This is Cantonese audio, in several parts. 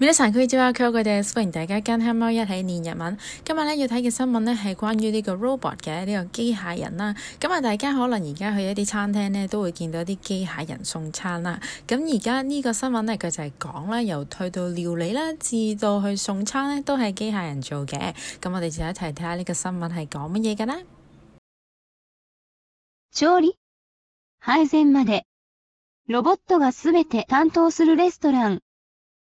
皆さんこんにちは、阿 Q。我哋歡迎大家跟貓貓一起念日文。今日咧要睇嘅新聞呢，係關於呢個 robot 嘅呢個機械人啦。咁啊，大家可能而家去一啲餐廳呢，都會見到一啲機械人送餐啦。咁而家呢個新聞呢，佢就係講啦，由退到料理啦，至到，到去送餐呢，都係機械人做嘅。咁我哋就一齊睇下呢個新聞係講乜嘢㗎啦。料理開店までロボットがすべて擔當するレストラン。嗯嗯嗯嗯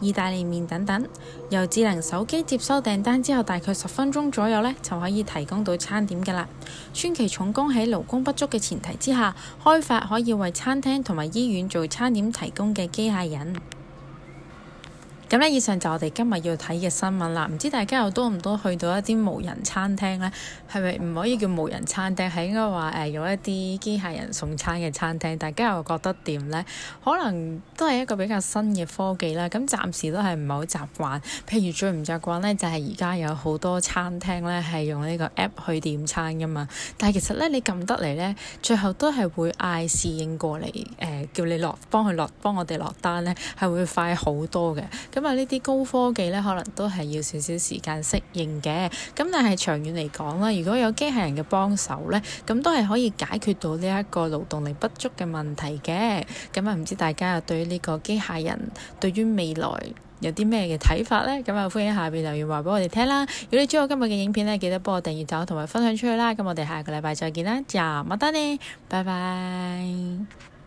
意大利麵等等，由智能手機接收訂單之後，大概十分鐘左右呢，就可以提供到餐點㗎喇。川崎重工喺勞工不足嘅前提之下，開發可以為餐廳同埋醫院做餐點提供嘅機械人。咁咧，以上就我哋今日要睇嘅新聞啦。唔知大家又多唔多去到一啲無人餐廳咧？係咪唔可以叫無人餐廳，係應該話誒有一啲機械人送餐嘅餐廳？大家又覺得點咧？可能都係一個比較新嘅科技啦。咁暫時都係唔係好習慣。譬如最唔習慣咧，就係而家有好多餐廳咧係用呢個 app 去點餐噶嘛。但係其實咧，你撳得嚟咧，最後都係會嗌侍應過嚟誒、呃，叫你落，幫佢落，幫我哋落單咧，係會快好多嘅。咁啊，呢啲高科技呢，可能都係要少少時間適應嘅。咁但係長遠嚟講啦，如果有機械人嘅幫手呢，咁都係可以解決到呢一個勞動力不足嘅問題嘅。咁、嗯、啊，唔知大家又對呢個機械人，對於未來有啲咩嘅睇法呢？咁、嗯、啊，歡迎下邊留言話俾我哋聽啦。如果你中意今日嘅影片呢，記得幫我訂閱下，同埋分享出去啦。咁我哋下個禮拜再見啦，Jam m 拜拜。